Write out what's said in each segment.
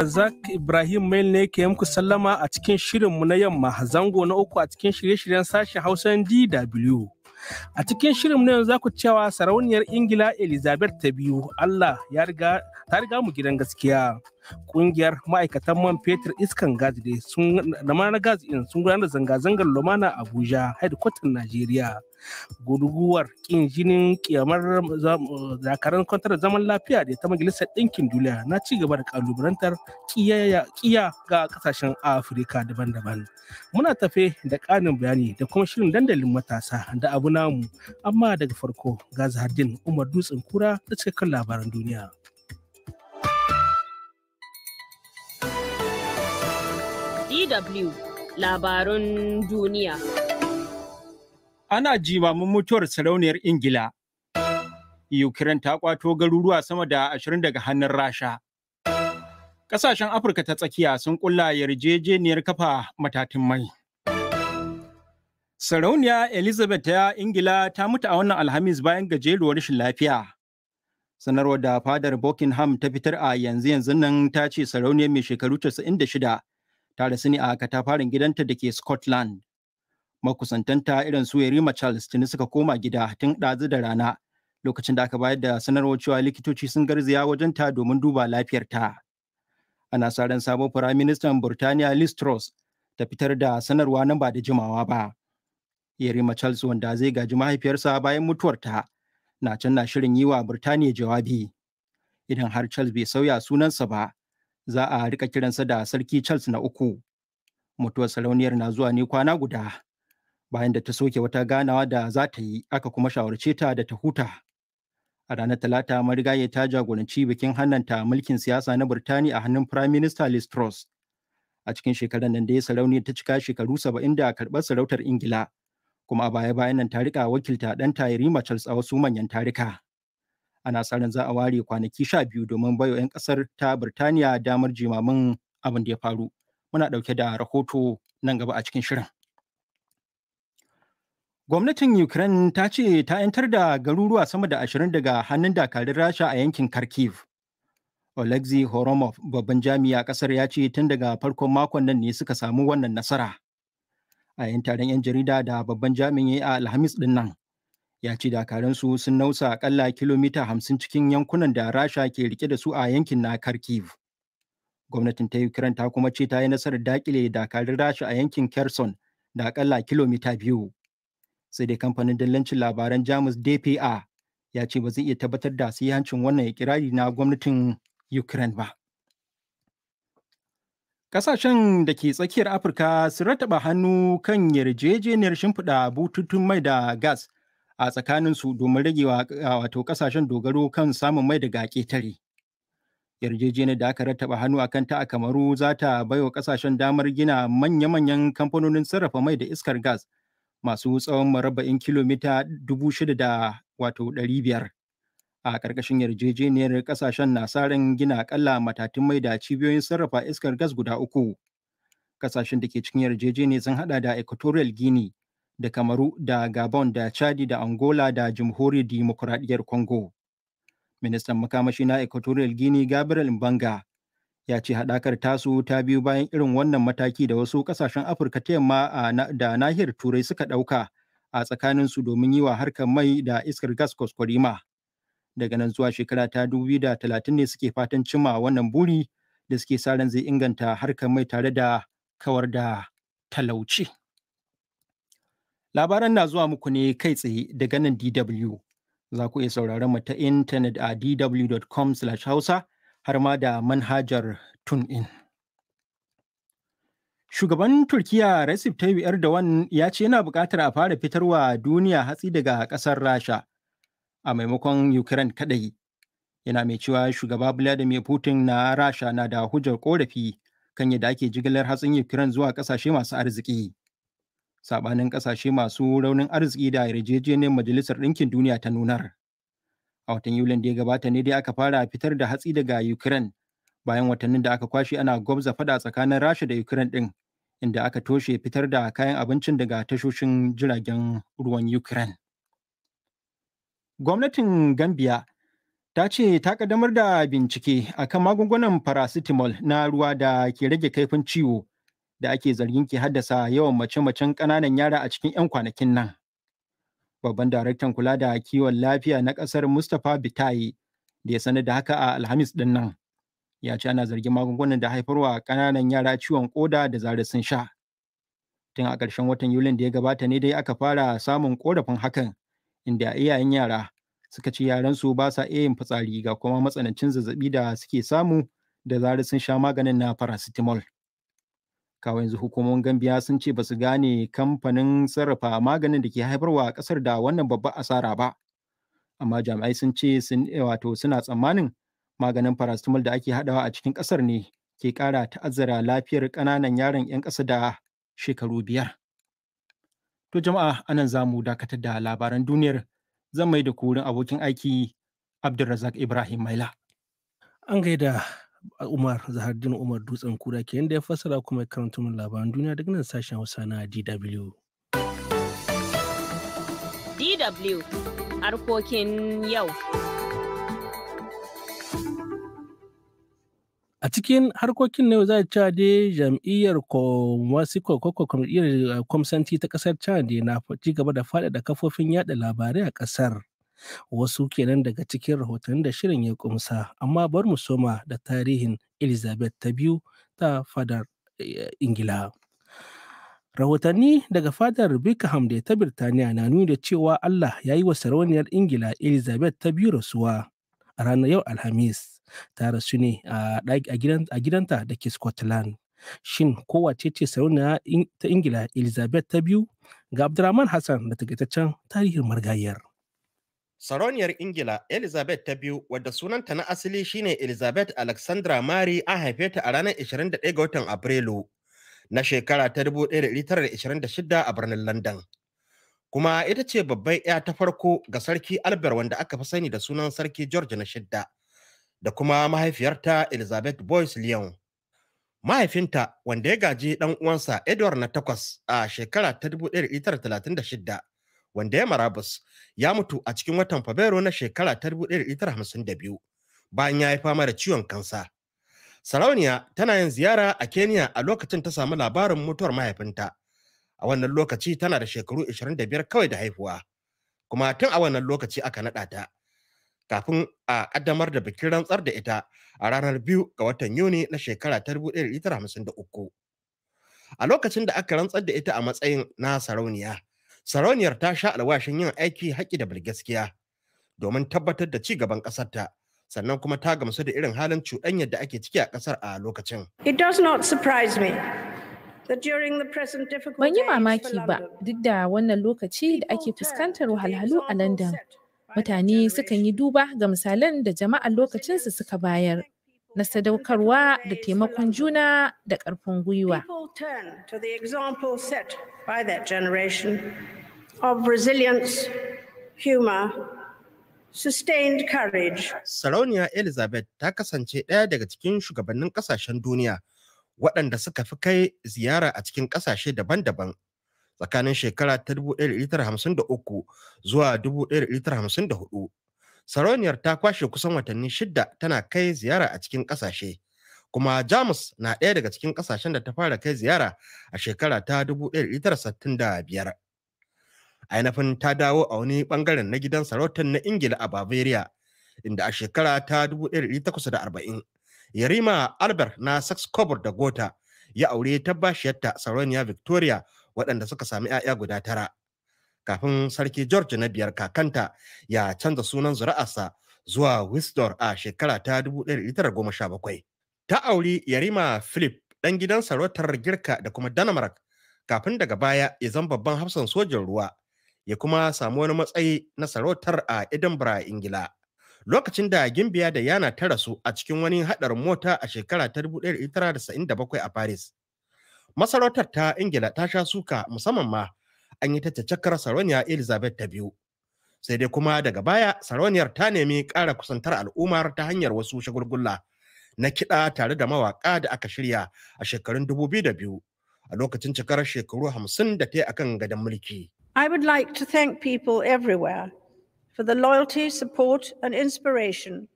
Razak Ibrahim Mail ne ke muku sallama a cikin shirinmu na yamma zango na uku a cikin shirye-shiryen sashen Hausan DW. A cikin shirinmu na yanzu za ku cewa sarauniyar Ingila Elizabeth ta biyu Allah ya riga ta riga mu gidan gaskiya kungiyar ma'aikatan man fetur iskan gas sun na gas in sun gudanar da zanga-zangar lumana abuja headquarter najeriya guduguwar kin jinin kiyamar zakaran kwantar zaman lafiya da ta majalisar ɗinkin duniya na ci gaba da kalubalantar kiya ga kasashen afirka daban-daban muna tafe da ƙarin bayani da kuma shirin dandalin matasa da abu namu amma daga farko ga zahardin umar dutsen kura da cikakken labaran duniya. DW labarun duniya. Ana jimamin mutuwar sarauniyar Ingila. Ukraine ta kwato garuruwa sama da ashirin daga hannun Rasha. Ƙasashen Afirka ta tsakiya sun ƙulla yarjejeniyar kafa matatin mai. Sarauniya Elizabeth ta Ingila ta mutu a wannan Alhamis bayan gajeruwar rashin lafiya. Sanarwar da fadar Buckingham ta fitar a yanzu yanzu nan ta ce sarauniya mai shekaru 96 ta rasu ne a katafaren gidanta da ke Scotland. Makusantanta irin su yerima Charles tuni suka koma gida tun ɗazu da rana lokacin da aka bayar da sanarwar cewa likitoci sun garzaya wajen ta domin duba lafiyarta. Ana sa ran sabon Firaministan Burtaniya Liz Truss ta fitar da sanarwa nan ba da jimawa ba. yerima Charles wanda zai gaji mahaifiyarsa bayan mutuwarta na can na shirin yi wa Burtaniya jawabi. Idan har Charles bai sauya sunansa ba, za a rika kiransa da sarki charles na uku mutuwar sarauniyar na zuwa ne kwana guda bayan da ta soke wata ganawa da za ta yi aka kuma shawarce ta da ta huta a ranar talata marigaye ta jagoranci bikin hannanta mulkin siyasa na birtaniya a hannun prime minister liz truss a cikin shekarar nan da ya sarauniyar ta cika shekaru saba'in da karɓar sarautar ingila kuma a baya bayan nan ta rika wakilta ɗan tayari charles a wasu manyan tarika ana sa ran za a ware kwanaki sha biyu domin bayo 'yan kasar ta birtaniya damar jimamin abin da ya faru muna ɗauke da rahoto nan gaba a cikin shirin gwamnatin ukraine ta ce ta 'yantar da garuruwa sama da ashirin daga hannun dakarun rasha a yankin kharkiv Oleksiy Horomov babban jami'a kasar ya ce tun daga farkon makon nan ne suka samu wannan nasara. A yin taron 'yan jarida da babban jami'i a Alhamis din nan, ya ce dakaransu sun nausa akalla kilomita hamsin cikin yankunan da rasha ke rike da su a yankin na kharkiv gwamnatin ta ukraine ta kuma ce ta yi nasarar dakile dakarun rasha a yankin kherson da akalla kilomita biyu sai dai kamfanin dillancin labaran jamus dpa ya ce ba zai iya tabbatar da hancin wannan ikirari na gwamnatin ukraine ba Ƙasashen da ke tsakiyar Afirka sun rataba hannu kan yarjejeniyar shimfiɗa bututun mai da gas a tsakanin su domin rage wato kasashen dogaro kan samun mai daga ƙetare. Yarjejeniyar da aka rattaba hannu a kanta a Kamaru za ta baiwa kasashen damar gina manya-manyan kamfanonin sarrafa mai da iskar gas masu tsawon marabba'in kilomita dubu shida da wato ɗari biyar. A ƙarƙashin yarjejeniyar kasashen na sarin gina aƙalla matatun mai da cibiyoyin sarrafa iskar gas guda uku. Ƙasashen da ke cikin yarjejeniyar sun haɗa da Equatorial Guinea, da kamaru da gabon da chadi da angola da jamhuriyar dimokuraɗiyyar congo ministan makamashi na equatorial guinea gabriel mbanga ya ce haɗakar tasu ta biyu bayan irin wannan mataki da wasu ƙasashen afirka ta yamma da nahiyar turai suka ɗauka a tsakaninsu domin yi wa harkar mai da iskar gas kwaskwarima daga nan zuwa shekara ta talatin ne suke fatan cimma wannan buri da suke sa ran zai inganta harkar mai tare da kawar da talauci. Labaran na zuwa muku ne kai tsaye daga nan DW. Za ku iya sauraron mu ta intanet a dw.com/hausa har ma da manhajar tun in. Shugaban Turkiya Recep Tayyip Erdogan ya ce yana buƙatar a fara fitarwa duniya hatsi daga ƙasar Rasha a maimakon Ukraine kaɗai. Yana mai cewa shugaba Vladimir Putin na Rasha na da hujjar ƙorafi kan yadda ake jigilar hatsin Ukraine zuwa ƙasashe masu arziki. sabanin kasashe masu raunin arziki da yarjejeniyar majalisar ɗinkin duniya ta nunar a watan yulin da ya gabata ne dai aka fara fitar da hatsi daga ukraine bayan watannin da aka kwashe ana gwabza fada tsakanin rasha da ukraine ɗin inda aka toshe fitar da kayan abincin daga tashoshin jiragen ruwan ukraine gwamnatin gambia ta ce ta kaddamar da bincike akan magungunan paracetamol na ruwa da ke rage kaifin ciwo da ake zargin ke haddasa yawan mace-macen ƙananan yara a cikin 'yan kwanakin nan. Babban daraktan kula da kiwon lafiya na ƙasar Mustapha Bitaye da ya sanar da haka a Alhamis ɗin nan. Ya ce ana zargin magungunan da haifarwa ƙananan yara ciwon ƙoda da zarar sun sha. Tun a ƙarshen watan Yulin da ya gabata ne dai aka fara samun ƙorafin hakan, inda iyayen yara suka ce su ba sa iya yin fitsari ga kuma matsanancin zazzabi da suke samu da zarar sun sha maganin na paracetamol. kawo yanzu hukumomin gambiya sun ce ba su gane kamfanin sarrafa maganin da ke haifarwa kasar da wannan babban asara ba amma jami'ai sun ce sun wato suna tsammanin maganin paracetamol da ake hadawa a cikin kasar ne ke kara ta'azzara lafiyar kananan yaron 'yan ƙasa da shekaru biyar to jama'a anan za mu dakatar da labaran duniyar zan mai da kurin abokin aiki abdulrazak ibrahim maila an gaida Umar Zahardin Umar Dutsen Kura ke yadda ya fassara kuma ya karanta mun labaran duniya daga nan sashen Hausa na DW. DW harkokin yau. A cikin harkokin na yau za a ci dai jam'iyyar Kwamwasiko ko eh, kwamsanti ta kasar Chad na ci gaba da faɗaɗa kafofin yada labarai a ƙasar. wasu kenan daga cikin rahoton da shirin ya kumsa amma bar mu soma da tarihin elizabeth ta biyu ta fadar eh, ingila rahotanni daga fadar Birkham da ta birtaniya na nuni da cewa allah ya yi wa sarauniyar ingila elizabeth ta biyu rasuwa a ranar yau alhamis ta rasu ne a gidanta da ke scotland shin kowace ce sarauniya ta ingila elizabeth ta biyu ga abdurrahman hassan da takaitaccen tarihin margayar Sarauniyar Ingila Elizabeth ta biyu wadda sunanta na asali shine Elizabeth Alexandra Mary a haife ta a ranar 21 ga watan Afrilu na shekara ta 1926 a birnin London. Kuma ita ce babbar 'ya ta farko ga Sarki Albert wanda aka fi sani da sunan Sarki George na shidda da kuma mahaifiyarta Elizabeth Boyce Lyon. Mahaifinta wanda ya gaji ɗan uwansa Edward na takwas a shekara ta 1936 wanda ya marabus ya mutu a cikin watan Fabrairu na shekara ta 1952 bayan ya yi fama da ciwon kansa. Sarauniya tana yin ziyara a Kenya a lokacin ta samu labarin mutuwar mahaifinta. A wannan lokaci tana da shekaru 25 kawai da haihuwa. Kuma tun a wannan lokaci aka naɗa ta. Kafin a ƙaddamar da bikin rantsar da ita a ranar biyu ga watan Yuni na shekara ta 1953. A lokacin da aka rantsar da ita a matsayin na sarauniya, sarauniyar ta sha alwashin yin aiki haƙi da bilgaskiya domin tabbatar da ci gaban ƙasarta sannan kuma ta gamsu da irin halin cuɗanyar da ake ciki a ƙasar a lokacin. It does not surprise me Ban yi mamaki ba duk da wannan lokaci da ake fuskantar wahalhalu a London. Mutane sukan yi duba ga misalan da jama'a lokacinsu suka bayar. na sadaukarwa da taimakon juna da ƙarfin gwiwa. Sarauniya Elizabeth ta kasance ɗaya daga cikin shugabannin ƙasashen duniya waɗanda suka fi kai ziyara a cikin ƙasashe daban-daban tsakanin shekara ta 1953 zuwa 1954 Saroniyar ta kwashe kusan watanni shidda tana kai ziyara a cikin ƙasashe kuma jamus na ɗaya daga cikin ƙasashen da ta fara kai ziyara a shekara ta 1965 ainihin ta dawo a wani ɓangaren na gidan sarautar na ingila a bavaria inda a shekara ta 1840 yarima albert na sax da gota ya aure tabbashiyarta sarauniya victoria waɗanda suka sami 'ya'ya guda tara kafin sarki George na biyar kakanta ya canza sunan zuri'arsa zuwa Wisdor a shekara ta 1917. Ta auri Yarima Philip ɗan gidan sarautar Girka da kuma Denmark kafin daga baya ya zama babban hafsan sojin ruwa ya kuma samu wani matsayi na sarautar a Edinburgh, Ingila. Lokacin da Gimbiya da Yana ta rasu a cikin wani haɗarin mota a shekara ta 1997 a Paris. Masarautar ta Ingila ta sha suka musamman ma an yi ta cakar sarauniya Elizabeth ta biyu. Sai dai kuma daga baya sarauniyar ta nemi ƙara kusantar al'ummar ta hanyar wasu shagulgulla na kiɗa tare da mawaƙa da aka shirya a shekarun 2002 a lokacin cikar shekaru 50 da ta yi akan gadon mulki. I would like to thank people everywhere for the loyalty, support and inspiration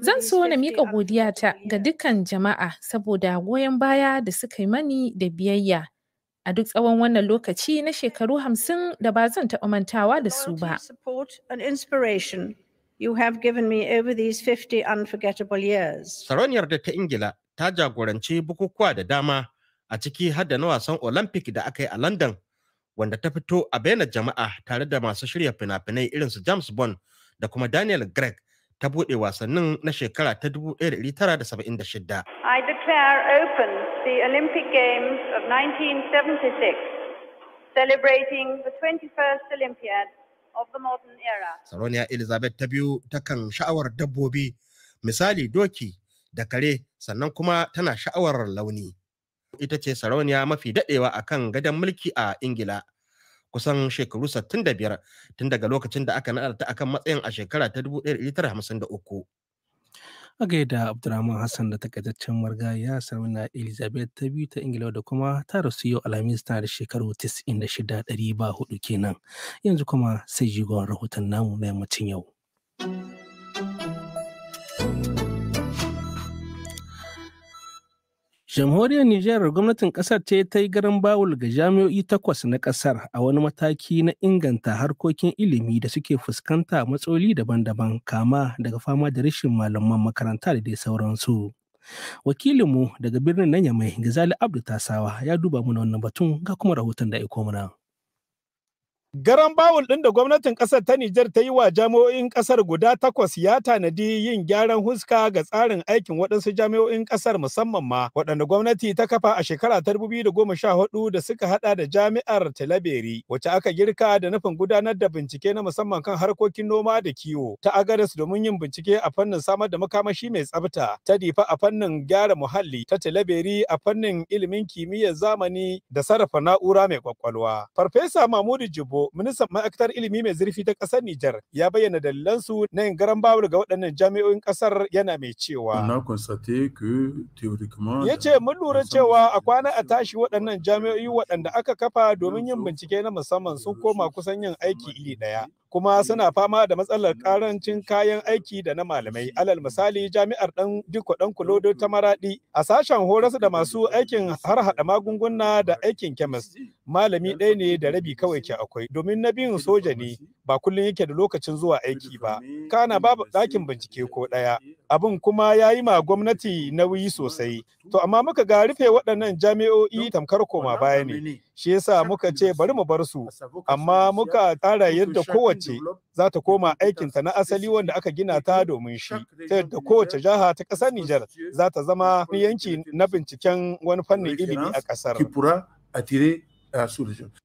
Zan so na miƙa godiyata ga dukkan jama'a saboda goyon baya da suka yi mani da biyayya a duk tsawon wannan lokaci na shekaru hamsin da ba zan taɓa mantawa da su ba. Sarauniyar da ta Ingila ta jagoranci bukukuwa da dama a ciki har da na wasan Olympic da aka yi a London wanda ta fito a bainar jama'a tare da masu shirya fina-finai irin su James Bond da kuma Daniel Gregg ta buɗe wasannin na shekara ta 1976. I declare open the Olympic Games of 1976, celebrating the 21st Olympiad of the modern era. Sarauniya Elizabeth ta biyu takan sha'awar dabbobi, misali doki da kare sannan kuma tana sha'awar launi. Ita ce sarauniya mafi daɗewa a kan gadon mulki a Ingila kusan shekaru 65 tun daga lokacin da aka naɗa ta akan matsayin a shekara ta 1953. a gaida abdulrahman hassan da takaitaccen margaya na elizabeth ta biyu ta ingila da kuma ta rasu yau alhamis tana da shekaru 96 ɗari ba hudu kenan yanzu kuma sai jigon rahoton namu na yammacin yau Jamhuriyar Nijar gwamnatin ƙasar ce ta yi garin bawul ga jami'o'i takwas na ƙasar a wani mataki na inganta harkokin ilimi da suke fuskanta matsoli daban-daban kama daga fama da rashin malaman makaranta da dai sauransu. Wakilinmu daga birnin na Yamai, Gizali Abdu Tasawa ya duba mana wannan batun ga kuma rahoton da aiko mana. Garan bawul ɗin da gwamnatin ƙasar ta Nijar ta yi wa jami'o'in ƙasar guda takwas ya tanadi yin gyaran huska ga tsarin aikin waɗansu jami'o'in ƙasar musamman ma waɗanda gwamnati ta kafa a shekara ta 2014 da suka haɗa da jami'ar Talaberi wacce aka girka da nufin gudanar da bincike na musamman kan harkokin noma da kiwo ta Agadas domin yin bincike a fannin samar da makamashi mai tsafta ta Difa a fannin gyara muhalli ta Talaberi a fannin ilimin kimiyyar zamani da sarrafa na'ura mai kwakwalwa. Farfesa Mamudu Jibo Sabo, ministan ma'aikatar ilimi mai zurfi ta ƙasar Nijar, ya bayyana dalilansu na yin garan bawul ga waɗannan jami'o'in ƙasar yana mai cewa. Ya ce mun lura cewa a kwana a tashi waɗannan jami'o'i waɗanda aka kafa domin yin bincike na musamman sun koma kusan yin aiki iri ɗaya. kuma mm. suna fama da matsalar karancin mm. kayan aiki da na malamai mm. alal misali jami'ar dan diko dan kulodo ta maradi a sashen horas da masu aikin har hada magunguna da aikin kemis malami ɗaya ne da rabi kawai ke akwai domin na biyun soja ne ba kullum yake da lokacin zuwa aiki ba kana babu ɗakin bincike ko ɗaya abin kuma ya yi ma gwamnati nauyi sosai. To amma muka ga rufe waɗannan jami'o'i tamkar koma baya ne, shi yasa muka ce bari mu bar su, amma muka tsara yadda kowace za ta koma aikinta na asali wanda aka gina ta domin shi, ta yadda kowace jaha ta ƙasar Nijar za ta zama yanki na binciken wani fannin ilimi a ƙasar.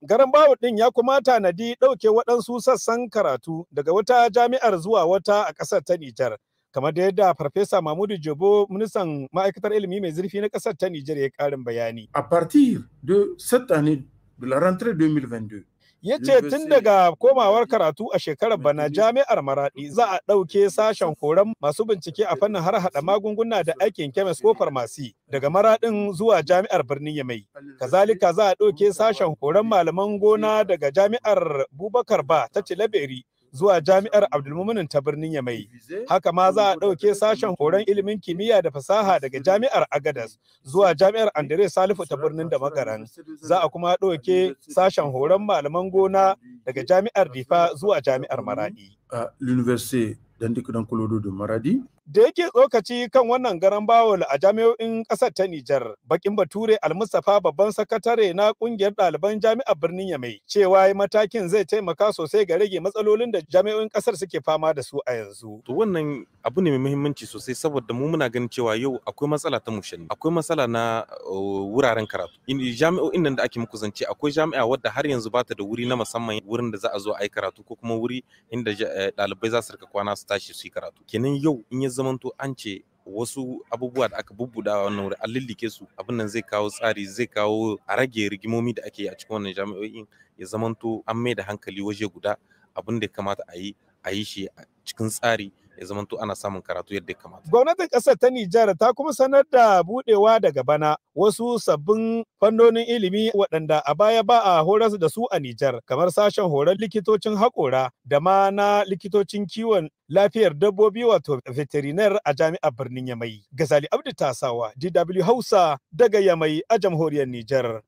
Garan bawa ɗin ya kuma tanadi ɗauke waɗansu sassan karatu daga wata jami'ar zuwa wata a ƙasar ta Nijar. kamar da yadda farfesa Mahmudu Jobo ministan ma'aikatar ilimi mai zurfi na kasar ta Nijar ya karin bayani. A partir de cette année de la rentrée 2022 ya ce tun daga komawar karatu a shekarar bana jami'ar maradi za a ɗauke sashen koren masu bincike a fannin har hada magunguna da aikin kemis ko farmasi daga maradin zuwa jami'ar birnin yamai kazalika za a ɗauke sashen koren malaman gona daga jami'ar bubakar ba ta tilaberi zuwa jami'ar Abdulmuminin ta birnin Yamai. Haka ma za a ɗauke sashen horon ilimin kimiyya da fasaha daga jami'ar Agadas zuwa jami'ar Andre Salifu ta birnin da makaran Za a kuma ɗauke sashen horon malaman gona daga jami'ar Difa zuwa jami'ar Maradi. L'Université d'Andikudon Kolodo Maradi. da yake tsokaci kan wannan garan bawul a jami'o'in ƙasar ta Nijar, bakin bature Almustapha babban sakatare na ƙungiyar ɗaliban jami'ar birnin Yamai cewa matakin zai taimaka sosai ga rage matsalolin da jami'o'in ƙasar suke fama da su a yanzu. To wannan abu ne mai muhimmanci sosai saboda mu muna ganin cewa yau akwai matsala ta mushani, akwai matsala na wuraren karatu. Jami'o'in nan da ake muku zance akwai jami'a wadda har yanzu ba ta da wuri na musamman wurin da za a zo a yi karatu ko kuma wuri inda eh, ɗalibai za su rika kwana su tashi su yi karatu. Kenan yau in zamanto an ce wasu abubuwa da aka bubbuda a wannan wuri an lillike su abin nan zai kawo tsari zai kawo a rage rigimomi da ake yi a cikin wannan jami'o'in ya zamanto an mai da hankali waje guda abin da ya kamata a yi a yi shi cikin tsari ya zamanto ana samun karatu yadda ya kamata. Gwamnatin ƙasar ta Nijar ta kuma sanar da buɗewa daga bana wasu sabbin fannonin ilimi waɗanda a baya ba a horas da su a Nijar kamar sashen horon likitocin haƙora da ma na likitocin kiwon lafiyar dabbobi wato veterinar a jami'ar birnin Yamai. Gazali Abdu Tasawa, DW Hausa daga Yamai a jamhuriyar Nijar.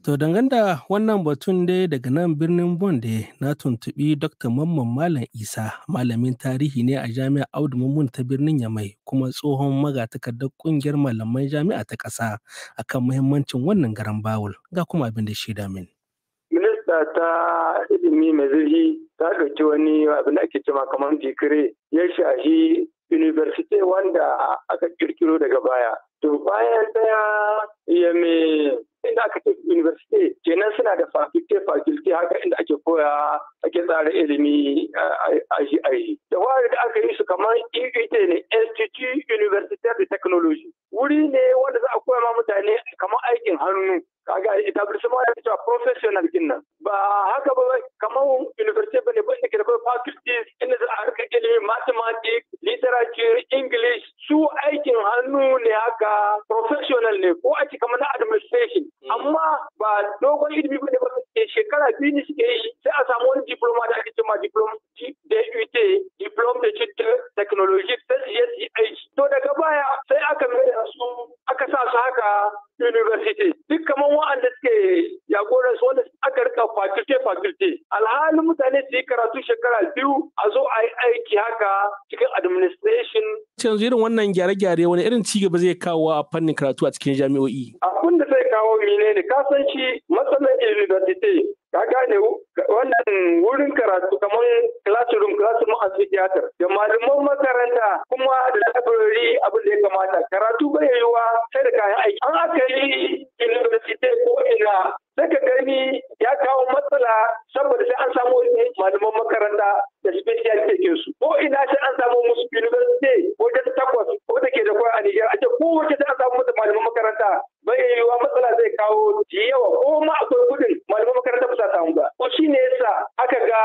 To danganda wannan batun dai daga nan birnin Bon da na tuntuɓi Dr. Mamman Malam Isa malamin tarihi ne a jami'ar Audu Mamman ta birnin Yamai kuma tsohon magatakardar ƙungiyar malaman jami'a ta ƙasa akan muhimmancin wannan garan bawul ga kuma abin da shi damin. Minista ta ilimi mai zirhi ta ɗauki wani abin da ake cewa kamar jikire ya shahi university wanda aka kirkiro daga baya. To bayan daya ya mai inda aka tafi university kenan suna da faculty faculty haka inda ake koya ake tsara ilimi a shi da wari da aka yi su kamar EUT e ne Institute Universitaire de Technology wuri ne wanda za a koya ma mutane kamar aikin hannu kaga etablissement ya cewa professional din ba haka ba kamar university bane ba inda ke da kai faculties inda za a harkar ilimin mathematics literature english su aikin hannu ne haka professional ne ko aiki kamar na administration hmm. amma ba dogon ilimi bane ba eh, shekara biyu ne suke yi sai a samu wani diploma da ake cewa diploma DUT diploma de cikin technology sai e to daga baya sai aka mai da su aka sa su haka university duk kamar wa'anda suke jagoran su wanda aka rika faculty faculty alhalin mutane su yi karatu shekara biyu a zo a yi aiki haka cikin administration canzu irin wannan gyare-gyare wani irin cigaba zai kawo a fannin karatu a cikin jami'o'i abin da zai kawo menene ka san matsalar university ka gane wannan wurin karatu kamar classroom classroom a da malaman makaranta kuma da library abin da ya kamata karatu bai yiwuwa sai da kayan aiki an aka yi university ko ina sai ka gani ya kawo matsala saboda sai an samu malaman makaranta da special take su ko ina sai an samu musu university ta takwas ko da ke da kwai a nijar a ce wace sai an samu musu malaman makaranta bai yiwuwa matsala zai kawo yawa ko ma akwai gudun malaman makaranta ba sa samu ba ko shine yasa aka ga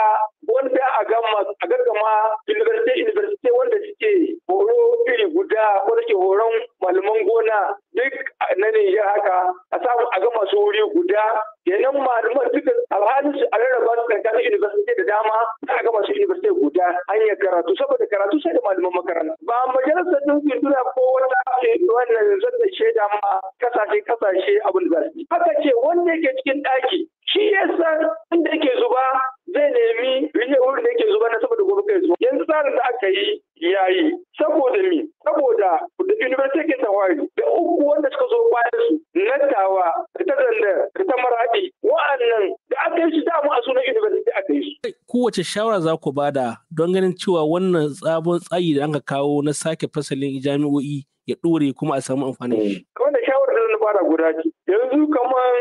wanda a gama a gaggama university university wanda suke horo iri guda ko suke horon malaman gona duk na ne ya haka a samu a gama su wuri guda kenan malaman duka alhalin su a rarraba su kasu university da dama a gama su university guda hanyar karatu saboda karatu sai da malaman makaranta ba majalisar dinkin tura ko wata wannan zata shaida ma kasashe kasashe abin da haka ce wanda yake cikin ɗaki shi ya san inda yake zuba zai nemi rike wurin da ke zuba na saboda gobe kai zuwa yanzu tsarin da aka yi yayi saboda mi saboda da university ke tawari da uku wanda suka zo bayan su nattawa da ta zanda da ta maradi wa'annan da aka yi shi mu a sunan university aka yi su. kowace shawara za ku bada don ganin cewa wannan sabon tsayi da aka kawo na sake fasalin jami'o'i ya ɗore kuma a samu amfani. da shawarar da na fara guda ce yanzu kamar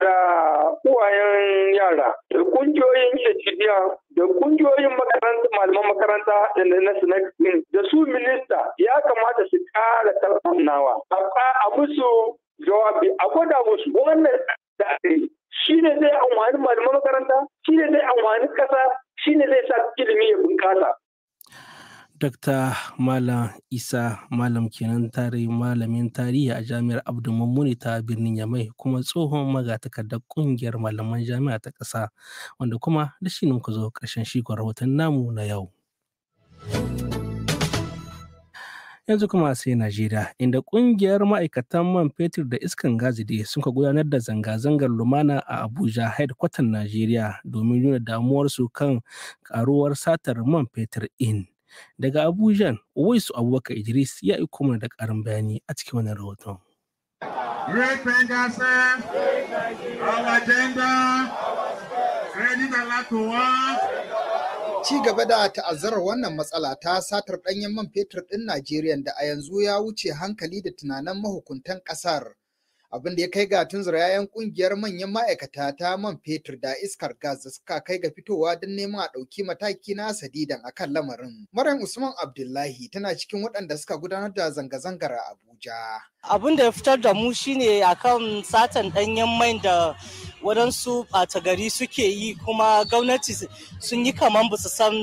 da uwayen yara da kungiyoyin ejidiya da kungiyoyin makaranta malaman makaranta na snack da su minista ya kamata su kara tattaunawa a musu jawabi a gwada musu wannan da shi ne zai amfani malaman makaranta shi ne zai amfani kasa shi ne zai sa ilimi ya bunƙasa Dr. Malam Isa Malam kenan tare malamin tarihi a Jami'ar Abdu Mummuni ta birnin Yamai kuma tsohon magatakardar kungiyar malaman jami'a ta ƙasa wanda kuma da shi ne muka zo ƙarshen shikon rahoton namu na yau. yanzu kuma sai Najeriya inda kungiyar ma'aikatan man fetur da iskan gazide sun ka gudanar da zanga-zangar lumana a Abuja headquarter Najeriya domin nuna damuwarsu kan karuwar satar man fetur in. Daga Abuja, Uwaisu Abubakar Idris ya yi mana da ƙarin bayani a cikin wannan rahoton. our agenda, ready to Ci gaba da ta'azzarar wannan matsala ta satar ɗanyen man fetur ɗin Najeriya da a yanzu ya wuce hankali da tunanin mahukuntan ƙasar. abin da ya kai ga tunzura 'ya'yan kungiyar manyan ma'aikata ta man fetur da iskar gas da suka kai ga fitowa don neman a ɗauki mataki na sadidan akan lamarin. Maryam Usman Abdullahi tana cikin waɗanda suka gudanar da zanga-zangar a Abuja. Abin da ya fitar da mu shine akan satan ɗanyen mai da waɗansu ɓata gari suke yi kuma gwamnati sun yi kamar ba su san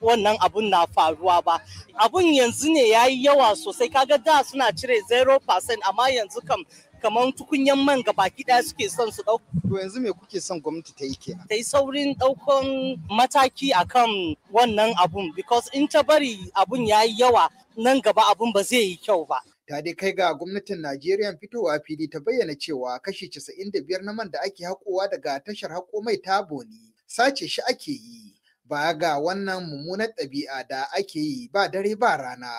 wannan abun na faruwa ba abun yanzu ne ya yi yawa sosai kaga da suna cire 0% amma yanzu kam kamar tukunyan man gaba daya suke son su dauka. To yanzu me kuke son gwamnati ta yi kenan? Ta saurin daukan mataki akan wannan abun because in ta bari abun ya yi yawa nan gaba abun ba zai yi kyau ba. ta dai kai ga gwamnatin Najeriya fitowa fili ta bayyana cewa kashi 95 na man da ake hakowa daga tashar hako mai tabo ne sace shi ake yi ba ga wannan mummunar ɗabi'a da ake yi ba dare ba rana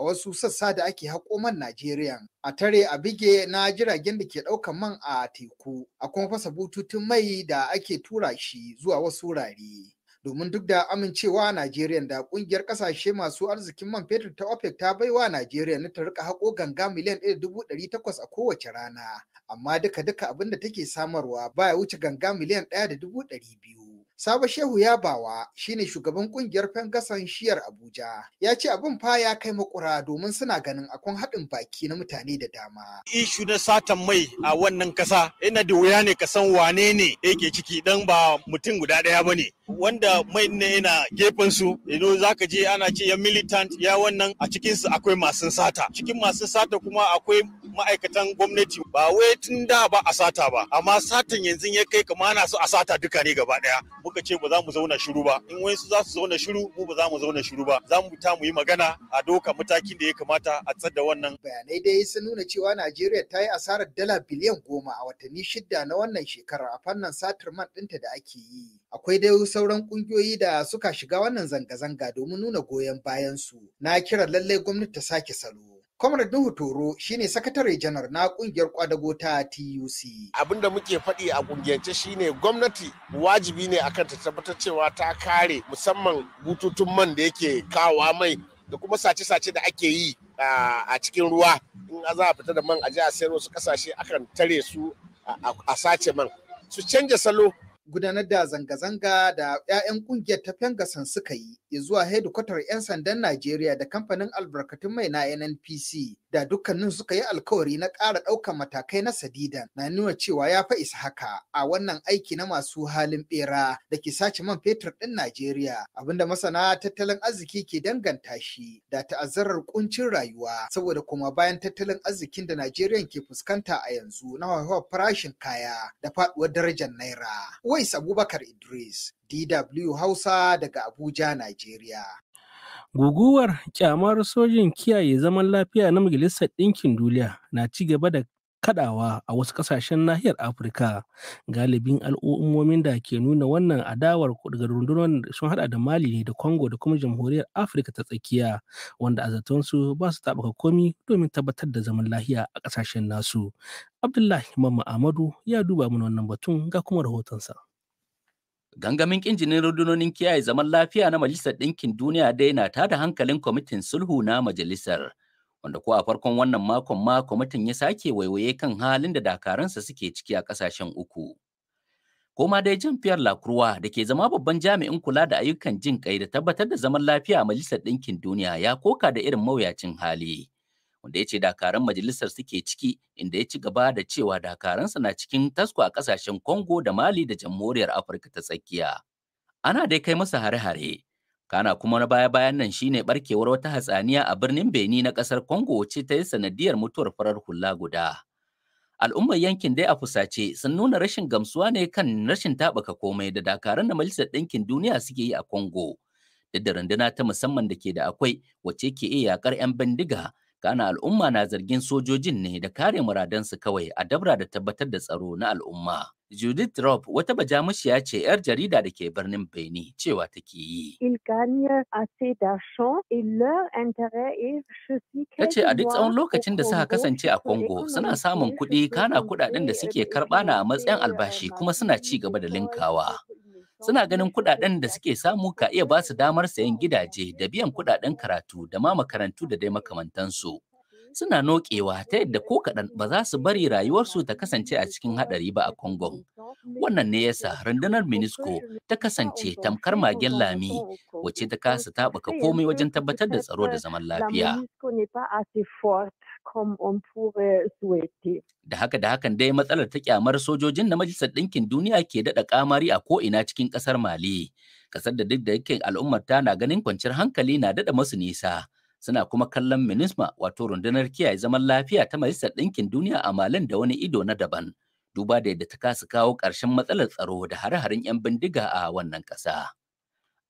a wasu sassa da ake haƙo man Najeriya. A tare a bige na jiragen da ke ɗaukan man a teku, a kuma fasa bututun mai da ake tura shi zuwa wasu wurare. Domin duk da amincewa Najeriya da ƙungiyar ƙasashe masu arzikin man fetur ta OPEC ta baiwa Najeriya na ta rika haƙo ganga miliyan ɗaya dubu ɗari takwas a kowace rana, amma duka-duka abin da take samarwa baya wuce ganga miliyan ɗaya da dubu ɗari biyu. Sabo Shehu ya bawa shine shugaban kungiyar fangasan shiyar Abuja. Ya ce abin fa ya kai makura domin suna ganin akwai haɗin baki na mutane da dama. Ishu na satan mai a wannan kasa ina da wuya ne ka san wane ne yake ciki dan ba mutum guda ɗaya ba ne. Wanda mai ne yana gefen su, ino zaka je ana ce ya militant ya wannan a cikinsu akwai masu sata. Cikin masu sata kuma akwai ma'aikatan gwamnati ba wai tun da ba a sata ba amma satan yanzu ya kai kama ana su a sata duka ne gaba daya muka ce ba za mu zauna shiru ba in su za su zauna shiru mu ba za mu zauna shiru ba za mu ta mu yi magana a doka matakin da ya kamata a tsada wannan bayanai dai sun nuna cewa Najeriya ta yi asarar dala biliyan goma a watanni shida na wannan shekarar a fannin satar man ɗinta da ake yi akwai dai sauran kungiyoyi da suka shiga wannan zanga-zanga domin nuna goyon bayan su na kira lallai gwamnati ta sake salo Comrade Nuhu Toro shine sakatare janar na kungiyar kwadago ta TUC. Abinda muke faɗi a kungiyance shine gwamnati wajibi ne akan ta tabbatar cewa ta kare musamman bututun man da yake kawa mai da kuma sace-sace da ake yi a cikin ruwa in za a fita da man a ji a sayar wasu kasashe akan tare su a sace man su canja salo gudanar da zanga-zanga da 'ya'yan kungiyar ta gasan suka yi zuwa hedikwatar 'yan sandan Najeriya da kamfanin albarkatun mai na NNPC da dukkanin suka yi alkawari na ƙara ɗaukar matakai na sadidan na nuna cewa ya fa isa haka a wannan aiki na masu halin bera da ke sace man fetur ɗin Najeriya abinda masana tattalin arziki ke danganta shi da ta'azzarar kuncin rayuwa saboda kuma bayan tattalin arzikin da Najeriya ke fuskanta a yanzu na hauhawar farashin kaya da faɗuwar darajar naira. Wais Abubakar Idris DW Hausa daga Abuja, Najeriya. Guguwar kyamar sojin kiyaye zaman lafiya na Majalisar Ɗinkin Duniya na ci gaba da kadawa a wasu kasashen nahiyar Afirka. Galibin al'ummomin da ke nuna wannan adawar daga rundunar sun hada da Mali ne da Congo da kuma Jamhuriyar Afirka ta tsakiya wanda a ba su taɓuka komi domin tabbatar da zaman lahiya a kasashen nasu. Abdullahi Mamma Amadu ya duba mana wannan batun ga kuma rahotonsa. Gangamin ƙinjinin rundunonin kiyaye zaman lafiya na Majalisar Ɗinkin Duniya dai na tada hankalin kwamitin sulhu na majalisar, wanda ko a farkon wannan makon ma kwamitin ya sake waiwaye kan halin da dakaransa suke ciki a ƙasashen uku. Koma dai jan fiyar lakurwa da ke zama babban jami'in kula da ayyukan jin kai da tabbatar da zaman lafiya a Majalisar Ɗinkin Duniya ya koka da irin mawuyacin hali. wanda ya ce dakaran majalisar suke ciki inda ya ci gaba da cewa dakaransa na cikin tasko a kasashen Congo da Mali da Jamhuriyar Afirka ta Tsakiya. Ana dai kai masa hare-hare. Kana kuma na baya-bayan nan shine barkewar wata hatsaniya a birnin Beni na kasar Congo ce ta yi sanadiyar mutuwar farar hula guda. Al'ummar yankin dai a fusace sun nuna rashin gamsuwa ne kan rashin taɓaka komai da dakaran da Majalisar Ɗinkin Duniya suke yi a Congo. da runduna ta musamman da ke da akwai wacce ke iya yaƙar 'yan bindiga Kana al'umma na zargin sojojin ne da kare muradansu kawai a dabra da tabbatar da tsaro na al'umma. Judith rob wata bajamushiya ce 'yar jarida da ke birnin Beni cewa take yi. Ta ce a duk tsawon lokacin da suka kasance a Congo suna samun kuɗi kana kuɗaɗen da suke karɓana a matsayin albashi euh, kuma suna ci gaba da linkawa. suna ganin kudaden da suke samu ka iya ba su damar sayan gidaje da biyan kudaden karatu da ma makarantu da dai makamantansu. Suna nokewa ta yadda ko kaɗan ba za su bari rayuwarsu ta kasance a cikin haɗari ba a Congo. Wannan ne yasa rundunar MINISCO ta kasance tamkar magen lami wacce ta kasa taɓuka komai wajen tabbatar da tsaro da zaman lafiya. come on pure Da haka da hakan dai matsalar ta kyamar sojojin na Majalisar Ɗinkin Duniya ke daɗa kamari a ko'ina cikin ƙasar Mali. Ƙasar da duk da yake al'ummar ta na ganin kwanciyar hankali na daɗa masu nisa. Suna kuma kallon MINISMA wato rundunar kiyaye zaman lafiya ta Majalisar Ɗinkin Duniya a Malin da wani ido na daban. Duba da yadda ta kasa kawo ƙarshen matsalar tsaro da hare-haren 'yan bindiga a wannan ƙasa.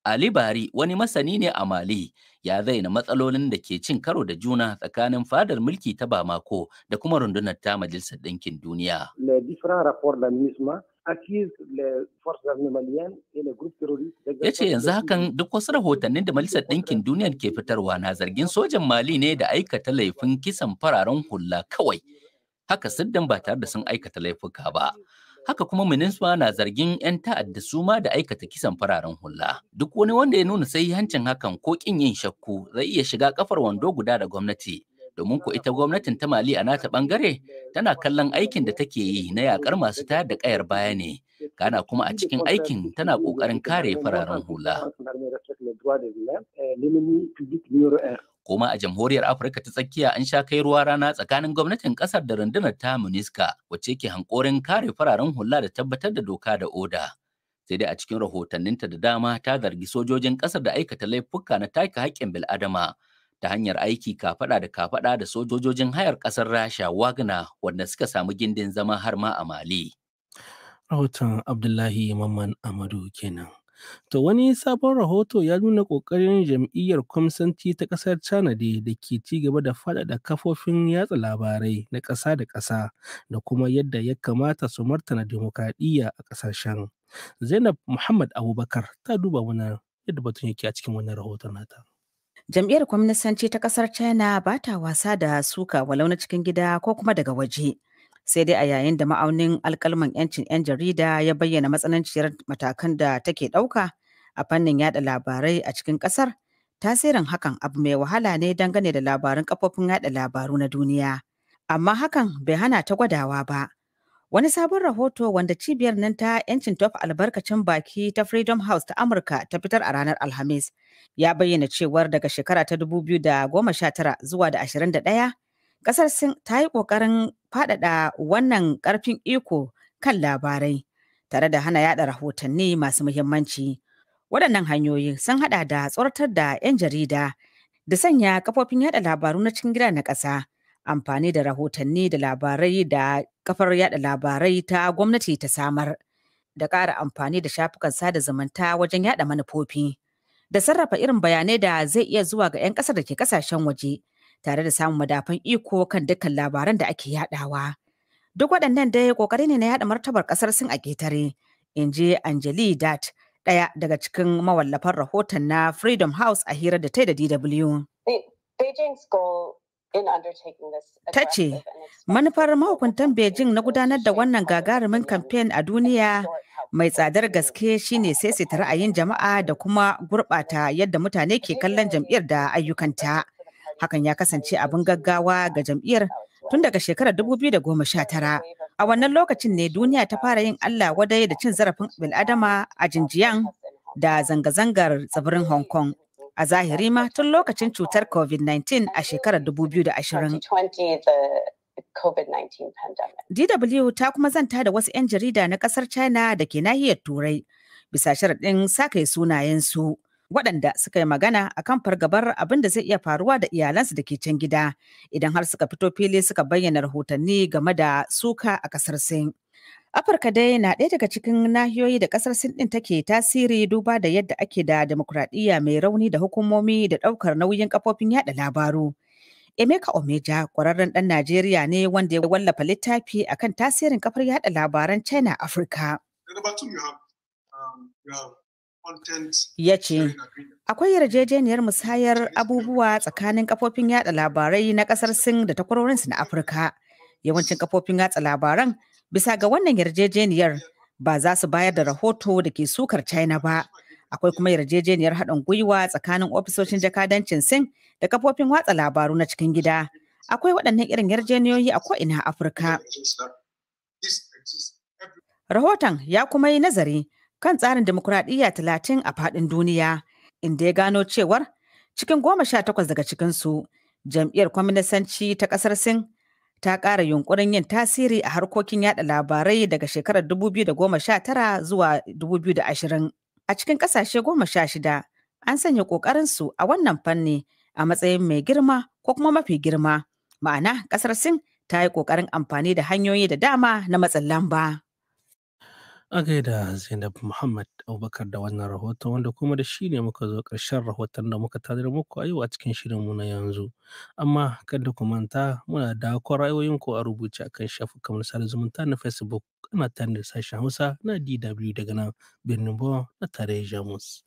Ali Bari wani masani ne a Mali ya zaina matsalolin da ke cin karo da juna tsakanin fadar mulki ta Bamako da kuma rundunar ta Majalisar Ɗinkin Duniya. Ya ce yanzu hakan duk wasu rahotannin da Majalisar Ɗinkin Duniya ke fitarwa na zargin sojan Mali ne da aikata laifin kisan fararen hula kawai. Haka siddan ba tare da sun aikata laifuka ba. Haka kuma Minisma na zargin 'yan ta'adda suma da aikata kisan fararen hula. Duk wani wanda ya nuna hancin hakan ko kin yin shakku zai iya shiga kafar wando guda da gwamnati. Domin ko ita gwamnatin ta Mali a nata ɓangare tana kallon aikin da take yi na yakar masu tayar da ƙayar baya ne. Kana kuma a cikin aikin tana ƙoƙarin kare fararen hula. Koma a jamhuriyar Afirka ta tsakiya an sha kai ruwa rana tsakanin gwamnatin kasar da rundunar ta Muniska wacce ke hankorin kare fararen hula da tabbatar da doka da oda. Sai dai a cikin rahotanninta da dama ta zargi sojojin kasar da aikata laifuka na take haƙƙin bil'adama ta hanyar aiki kafaɗa da kafaɗa da sojojin hayar kasar Rasha wagna wanda suka samu gindin zama har ma a Mali. Rahoton Abdullahi Mamman Amadu kenan. To wani sabon rahoto ya nuna ƙoƙarin jam'iyyar kwamsanci ta ƙasar China da da ke ci gaba da faɗaɗa kafofin yatsa labarai na ƙasa da ƙasa da kuma yadda ya kamata su martana demokradiyya a ƙasashen. Zainab Muhammad Abubakar ta duba wani yadda batun yake a cikin wannan rahoton nata. Jam'iyyar kwamnisanci ta ƙasar China ba ta wasa da suka walau na cikin gida ko kuma daga waje. sai dai a yayin da ma'aunin alkalman 'yancin 'yan jarida ya bayyana matsananciyar matakan da take ɗauka a fannin yada labarai a cikin ƙasar tasirin hakan abu mai wahala ne dangane da labarun kafofin yada labaru na duniya amma hakan bai hana ta gwadawa ba wani sabon rahoto wanda cibiyar nan ta 'yancin tof albarkacin baki ta freedom house ta amurka ta fitar a ranar alhamis ya bayyana cewar daga shekara ta 2019 zuwa da 21 Ƙasar Sin ta yi ƙoƙarin faɗaɗa wannan ƙarfin iko kan labarai tare da hana yada rahotanni masu muhimmanci. Waɗannan hanyoyi sun haɗa da tsoratar da 'yan jarida da sanya kafofin yada labaru na cikin gida na ƙasa, amfani da rahotanni da labarai da kafar yada labarai ta gwamnati ta samar, da ƙara amfani da shafukan sada zumunta wajen yada manufofi, da sarrafa irin bayanai da zai iya zuwa ga 'yan ƙasar da ke ƙasashen waje. tare da samun madafan iko kan dukkan labaran da ake yadawa. Duk waɗannan dai ƙoƙari ne na yaɗa martabar ƙasar Sin a ƙetare, in ji Anjali Dat, ɗaya daga cikin mawallafan rahoton na Freedom House a hira da ta da DW. Ta ce, manufar mahukuntan Beijing na gudanar da wannan gagarumin kamfen a duniya mai tsadar gaske shine sai ra'ayin jama'a da kuma gurɓata yadda mutane ke kallon jam'iyyar da ayyukanta. Hakan ya kasance abin gaggawa ga jam'iyyar tun daga shekarar 2019. A wannan lokacin ne duniya ta fara yin Allah wadai da cin zarafin bil'adama a Jinjiyan da zanga-zangar tsibirin Hong Kong. A zahiri ma tun lokacin cutar COVID-19 a shekarar 2020. DW ta kuma zanta da wasu 'yan jarida na kasar China da ke nahiyar Turai bisa sharaɗin sunayen sunayensu waɗanda suka yi magana a kan fargabar abin da zai iya faruwa da iyalansu da ke can gida idan har suka fito fili suka bayyana rahotanni game da suka a ƙasar Sin. Afirka dai na ɗaya daga cikin nahiyoyi da ƙasar Sin ɗin take tasiri duba da yadda ake da demokuraɗiyya mai rauni da hukumomi da ɗaukar nauyin kafofin yaɗa labaru. Emeka Omeja ƙwararren ɗan Najeriya ne wanda ya wallafa littafi akan tasirin kafar yaɗa labaran China Afirka. ya ce akwai yarjejeniyar musayar abubuwa tsakanin kafofin yada labarai na kasar sin da takwarorinsu na afirka yawancin kafofin yatsa labaran bisa ga wannan yarjejeniyar ba za su bayar da rahoto da ke sukar china ba akwai kuma yarjejeniyar haɗin gwiwa tsakanin ofisoshin jakadancin sin da kafofin watsa labaru na cikin gida akwai waɗannan irin yarjejeniyoyi a ko'ina afirka rahoton ya kuma yi nazari kan tsarin demokuraɗiyya talatin a faɗin duniya inda ya gano cewar cikin goma sha takwas daga cikinsu jam'iyyar kwaminisanci ta ƙasar sin ta ƙara yunkurin yin tasiri a harkokin yada labarai daga shekarar da 2019 zuwa ashirin. a cikin ƙasashe goma sha shida an sanya ƙoƙarinsu a wannan fanni a matsayin mai girma ko kuma mafi girma ma'ana ƙasar sin ta yi ƙoƙarin amfani da hanyoyi da dama na matsin lamba. A gaida Zainab Muhammad Abubakar da wannan rahoton wanda kuma da shi ne muka zo ƙarshen rahoton da muka tadar muku a yau a cikin shirinmu na yanzu. Amma kada ku manta muna da ra'ayoyin ko a rubuce akan shafukan sada zumunta na Facebook ana tare sashen Hausa na DW daga nan Birnin bo na tare Jamus.